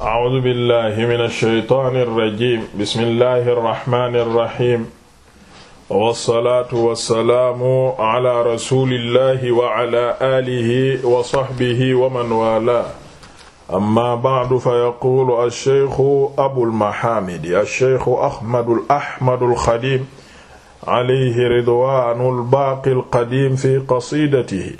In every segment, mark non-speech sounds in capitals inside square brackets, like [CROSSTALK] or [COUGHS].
A'uuzu billaahi mina shaytaani rajiim bismillaahi rahmaani rahiim wassalaatu wassalaamu alaa rasuulillaahi wa alaa aalihi wa sahbihi wa man waalaahu ammaa ba'du fayaquulu ash-shaykhu abul mahaamidi ash-shaykhu Ahmadu Ahmadu al-Xadiim alayhi ridwaanu al-baaqi al-qadiim fii qasiidatihi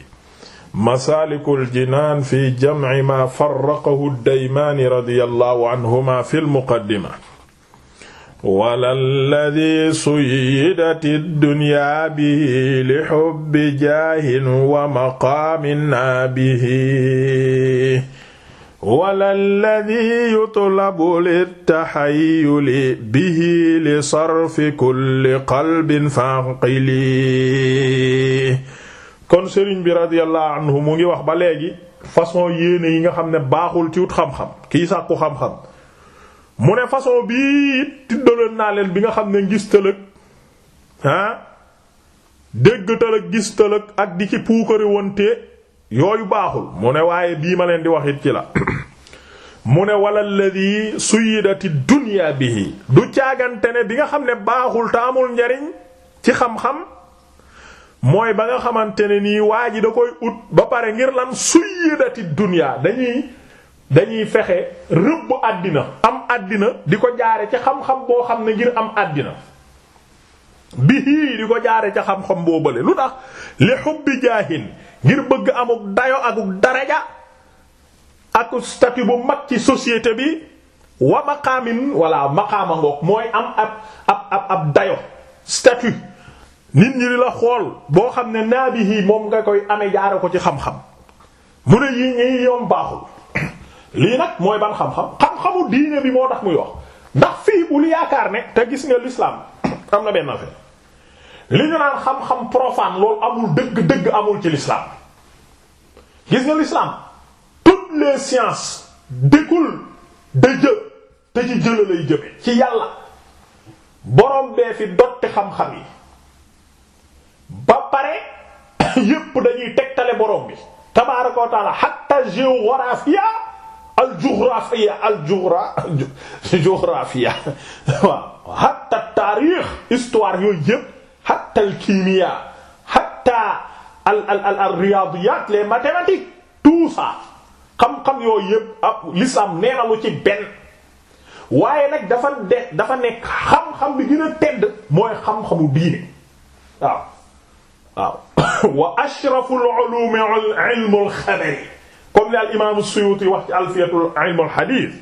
masaalikul jinaan fi jamci maa farraqahu daymaani radiyallahu anhuma fil muqaddima. walalladi suyyidati dunyaa bihi li xubbi jaahin wa maqaamin naabihi. walalladi yutlabu littaxayyuli bihi li sarfi kulli qalbin faaqili. kon sëriñ bi radiyallahu anhu mu ngi wax ba léegi façon yéene yi nga xam ne baaxul ci wut xam-xam kii sàkku xam-xam mu ne façon bii it doloon naa leen bi nga xam ne ngis tëlëg ah dégg tëlëg gis tëlëg ak di ci puukari wante yooyu baaxul mu ne waaye bii ma leen di wax ci la [COUGHS] mu ne wala ladi suyidati dunya bihi du caagante ne bi nga xam ne baaxul te amul njariñ ci xam-xam mooy ba nga xamante ne nii waa ji da koy ut ba pare ngir lan suyidati dunya dañuy dañuy fexe rëbb àddina am àddina di ko jaare ci xam-xam boo xam ne ngir am àddina bihii di ko jaare ca xam-xam boo bële lu tax li xubbi jaahin ngir bëgg amuk dayo akuk daraja akuk statut bu mag ci société bi wa maqaamin walla maqaama ngoog mooy am ab ab ab ab dayo statut nit ñi di la xool boo xam ne naabihi moom nga koy amee jaare ko ci xam-xam mu ne yi ñi yoon baaxul lii nag mooy ban xam-xam xam-xamu diine bi moo tax muy wax ndax fii bul yaakaar ne te gis nga l'islam am na benn affaire li ñu naan xam-xam profane loolu amul dëgg-dëgg amul ci l'islam gis nga l'islam toutes les sciences découlent de te ci jëla lay jëme ci yàlla borom bee fi dotti xam-xam yi pare [COUGHS] yépp dañuy tegtale borom bi tabaaraka wa taala hatta al jughrafiya al jughra al kimia al al al al riyadiyat les mathématiques tout ça xam-xam yooyu yépp ah l'islam nee na benn waaye nag dafa nekk xam-xam bi gën tedd mooy xam-xamu diine waaw waaw [COUGHS] wa ashraful ulum ilmul xabari comme li al imam Suyuti wax ci alfiyatul ilmul hadith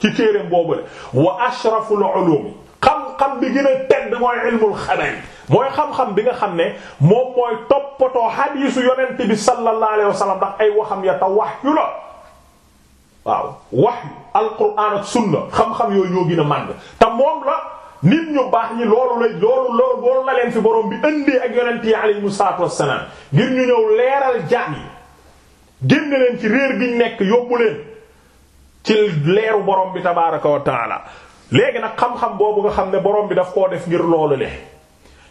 ci téereem boobu le wa ashraful ulum xam-xam bi gën a tedd mooy ilmul xabari mooy xam-xam bi nga xam ne moom mooy toppatoo hadiisu yonent bi sallallahu alayhi wa sallam ndax ay waxam ya ta wahyu la waaw wahyu alquran ak sunna xam-xam yooyu ñoo gën a màgg te moom la nit ñu baax ñi loolu la loolu loolu la leen fi borom bi ëndee ak yonent yi alayhimu salaatu wassalaam ngir ñu ñëw leeral jaam yi génn leen ci réer bi ñu nekk yóbbu leen ci leeru borom bi tabaaraka wa taala léegi nag xam-xam boobu nga xam ne borom bi daf koo def ngir loolu le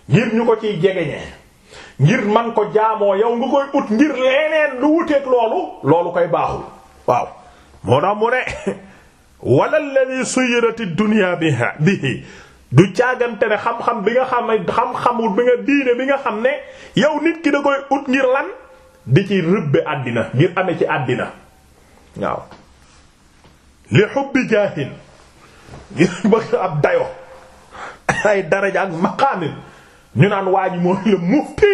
ngir ñu ko ciy jegeñee ngir man ko jaamoo yow nga koy ut ngir leneen lu wuteeg loolu loolu koy baaxul waaw moo tax mu ne [LAUGHS] wala alladhi suyirat ad-dunya biha bihi du caagante ne xam-xam bi nga xam xam-xamul bi nga diine bi nga xam ne yow nit ki da koy ut ngir lan di ci rëbbe àddina ngir ame ci àddina waaw li xubbi jaahin ngir [LAUGHS] bëgg ab dayo ay daraja ak maqaamin ñu naan waa ji mooy la mufti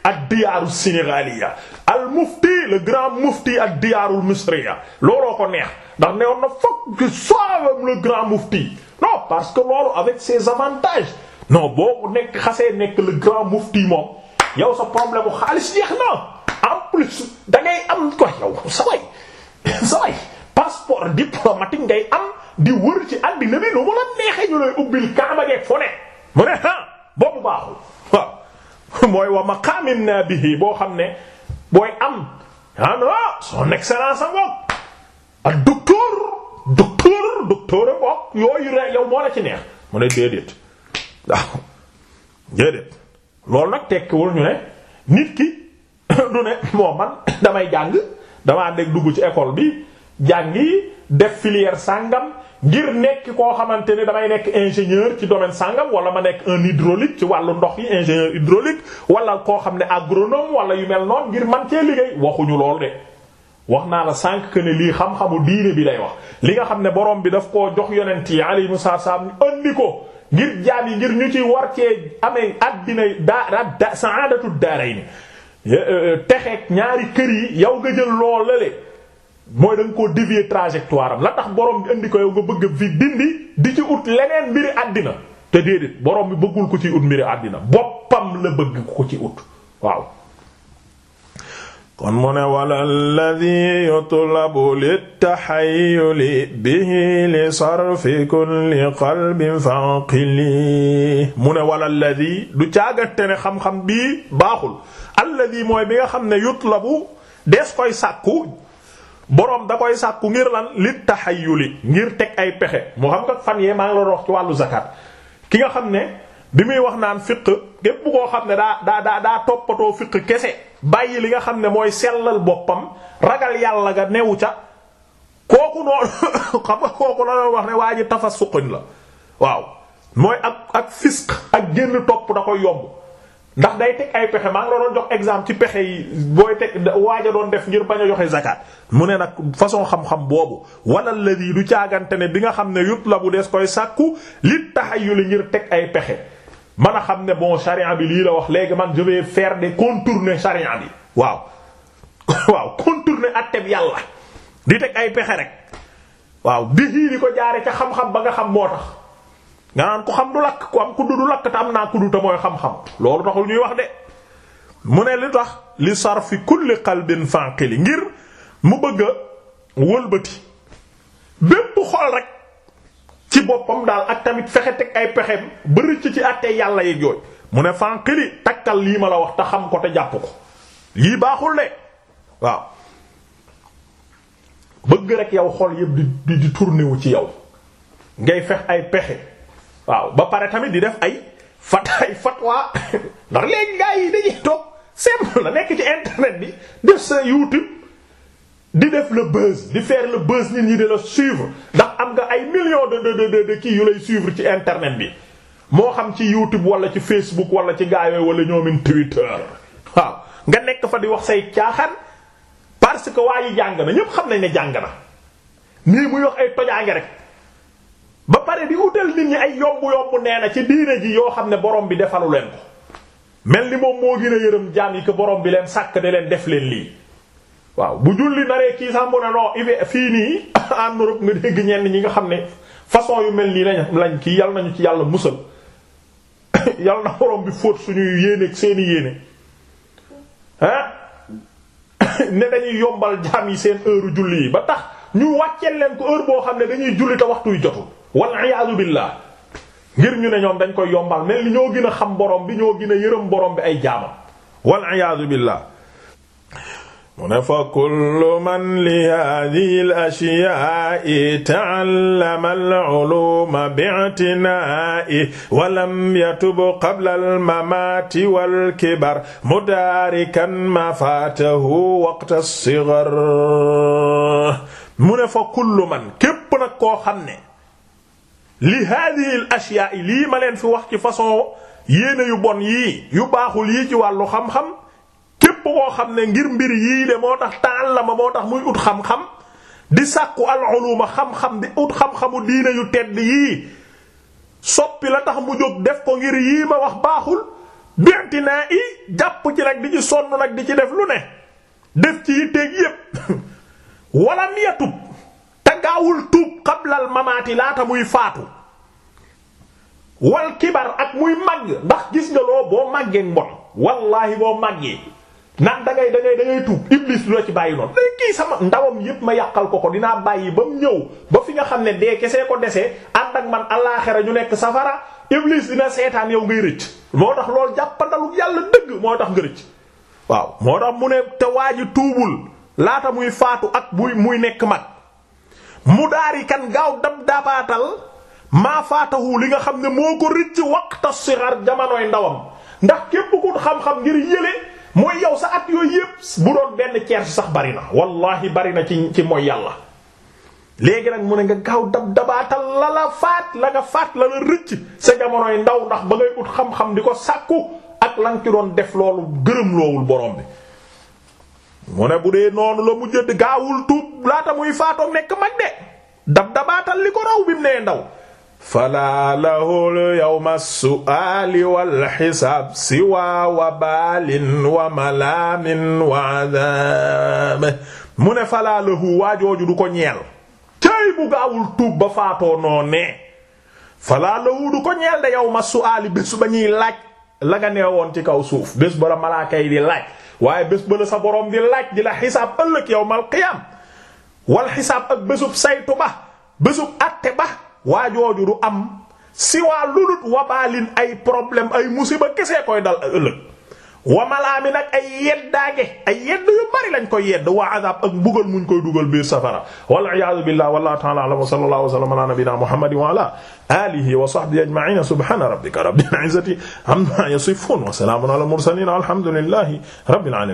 ak diyaaru sénégaliya al mufti le grand mufti ak diyaarul misriya looloo ko neex ndax newoon na foog ki le grand mufti non parce que loolu avec ses avantages non boobu nekk xasee nekk le grand mufti moom yow sa problème bu xaalis jeex na en plus da ngay am ko yow passeport diplomatique ngay am di wër ci àddina bi nu mu la neexee ñu lay kaama geeg fo ne mu ne ah baaxul. [LAUGHS] mooy wa maqaamin naa bihi boo xam ne booy am ah son excellence a ngoog ak docteur docteur docteur a ngoog yooyu rek yow moo la ci neex mu ne déedéet waaw déedéet loolu nag tekkiwul ñu ne nit ki [COUGHS] du ne moo man damay jàng damaa dégg dugg ci école bi jàngi def filière sàngam ngir nekk koo xamante ne damay nekk ingénieur ci domaine sàngam wala ma nekk un hydraulique ci wàllu ndox yi ingénieur hydraulique wala koo xam ne agronome wala yu mel noon ngir man cee liggéey waxuñu loolu de. wax naa la sànq que ne lii xam-xamu diine bi lay wax li nga xam ne borom bi daf koo jox yonent yi alayhimu salaam andi ko ngir jaam yi ngir ñu ci war cee amee addina daa saadatu daarayni texeeg ñaari kër yi yow nga jël loolale mooy da nga koo dévier trajectoire am la borom bi indi ko yow bëgg a fi di ci ut leneen mbiri àddina te déedéet borom bi bëggul ko ci ut mbiri àddina boppam la bëgg ko ci ut waaw kon mu ne wala alladhi yutlabu litaxayuli bihi li sarfi kulli ne wala alladhi du caagante ne xam-xam bii baaxul alladhi mooy bi nga xam ne yutlabu dees koy sàkku borom da koy sàkku ngir lan lit taxayuli ngir teg ay pexe mu xam nga fan yee maa ngi la wax ci wàllu zakat ki nga xam ne bi muy wax naan fiq képp koo xam ne daa daa daa daa toppatoo fiq kese bàyyi li nga xam ne mooy sellal boppam ragal yàlla nga newu ca kooku noonu [COUGHS] xam nga kooku la wax ne waa ji tafasuqin la waaw mooy ak ak fisq ak génn topp da koy yomb ndax day teg ay pexe maa ngi la doon jox exemple ci pexe yi booy teg waaja doon def ngir bañ a joxe zakat mu ne nag façon xam-xam boobu wala ladi du caagante ne bi nga xam ne yut la bu des koy sàkku li taxayuli ngir teg ay pexe man a xam ne bon charia bi lii la wax léegi man je feer faire des contourner bi waaw [LAUGHS] waaw contourner atteb yàlla di teg ay pexe rek waaw bi hii di ko jaare ca xam-xam ba nga xam moo tax nga naan ku xam du lakk ku am kuddu du lakk te am naa kuddu te mooy xam-xam loolu taxul ñuy wax de mu ne li tax li sar sarfi kulli qalbin fanqili ngir mu bëgg a wëlbati bépp xol rek ci boppam daal ak tamit fexe teg ay pexem ba rëcc ci àttee yàlla yeeg yooyu mu ne fanqili takkal lii ma la wax te xam ko te jàpp ko lii baaxul de waaw bëgg rek yow xol yëpp di di tourné ci yow ngay fex ay pexe. waaw ba pare tamit di def ay fat [LAUGHS] ay fatwa ndax léegi gaa yi dañuy toog simple la nekk ci internet bi def sa YouTube di def le buzz di faire le buzz nit ñi di la suivre ndax am nga ay millions de de de kii yu lay suivre ci internet bi moo xam ci YouTube wala ci Facebook wala ci gaa yooyu wala ñoomin Twitter waaw nga nekk fa di wax say caaxan parce que waayu yi jàng na ñépp xam nañ na jàng na nii muy wax ay tojaange rek. pare di utal nit ñi ay yobbu yobbu nee na ci diine ji yoo xam ne borom bi defalu leen ko mel ni moom moo gën a yërëm jaam yi ko borom bi leen sàkk ne leen def leen lii waaw bu julli naree kii sax mu ne non ive fii nii [COUGHS] en Europe nga dégg ñenn ñi nga xam ne façon yu mel nii lañ lañ kii yal nañu ci yàlla musal [COUGHS] yal na borom bi fóot suñuy yéene ak seeni yéene ah [COUGHS] ne dañuy yombal jaam yi seen heure julli yi ba tax ñu wàcceel leen ko heure boo xam ne dañuy julli waxtu yu wal iyaadu billah ngir ñu ne ñoom dañ koy yombal mel ni ñoo gën a xam borom bi ñoo gën a yërëm borom bi ay jaamam wal iyaadu billah mu ne fa kullu man li hadihi al ashyaa'i ta'allama al uluma bi'tina'i wa lam yatub qabla al mamati wal kibar mudaarikan ma faatahu waqta as-sighar mu ne fa kullu man képp nag koo xam ne li hadihi l ashyaa lii ma leen fi wax ci façon yéene yu bon yii yu baaxul yii ci wàllu xam-xam képp koo xam ne ngir mbir yii de moo tax ta'allama moo tax muy ut xam-xam di sàkku al-uluma xam-xam di ut xam-xamu diine yu tedd yii soppi la tax mu jóg def ko ngir yii ma wax baaxul binti naa i jàpp ci nag di ci sonn nag di ci def lu ne def ci yitteeg yépp [LAUGHS] walam yatub gaawul tuub xablal mamaati laata muy faatu wal kibar ak muy màgg ndax gis nga loo boo màggee mbon wallaahi boo màggee nan da ngay da ngay da ngay tuub iblis lu la ci bàyyi noonu léegi sama ndawam yépp ma yàqal ko ko dinaa bàyyi ba mu ñëw ba fi nga xam ne dee kese ko desee ànd ak man allaaxira ñu nekk safara iblis dina seetaan yow ngay rëcc moo tax loolu jàppandalu yàlla dëgg moo tax nga rëcc waaw moo tax mu ne te waa ji tuubul laata muy faatu ak buy muy nekk mag mu daari kan gaaw dab dabaatal maa faatahu li nga xam ne moo ko rëcc waqta sighar jamonoy ndawam ndax képp ku xam-xam ngir yële mooy yow sa at yooyu yépp bu doon benn ceer sax bari na wallahi bari na ci ci mooy yàlla léegi nag mu ne nga gaaw dab dabaatal la la faat la nga faat la la rëcc sa jamonoy ndaw ndax ba ngay ut xam-xam di ko sàkku ak lan ci doon def loolu gërëm loowul borom bi mu ne bu dee noonu la mujjëdd gaawul tuub laata muy faatoog nekk mag de dab li ko raw bi mu nee ndaw falaa lahul yawma su'aali wal xisaab siwaa wa baalin wa malaamin wa adaab mu ne falaa lahu waajooju du ko ñeel céy bu gaawul tuub ba faatoo noonee falaa lahu du ko ñeel de yawma su'aali bés ba ñuy laaj la nga neewoon ci kaw suuf bés ba la malaaka yi di laaj waaye bés ba sa borom di laaj di la xisaab ëllëg yawmal qiyaam wal xisaab ak bésub saytu ba bésub atte ba waa jooju du am si waa lulut wabaalin ay problème ay musiba kese koy dal ëllëg wa malaami nag ay yeddaange ay yedd yu bari lañ koy yedd waa azab ak mbugal muñ koy dugal biir safara wal iyaadu billah wallahu ta'ala a'lam wa sallallahu wa sallama ala nabiyyina muhammadin wa ala alihi wa sahbihi ajma'in subhana rabbika rabbil izzati amma yasifun wa salamun ala mursalin alhamdulillahi rabbil alamin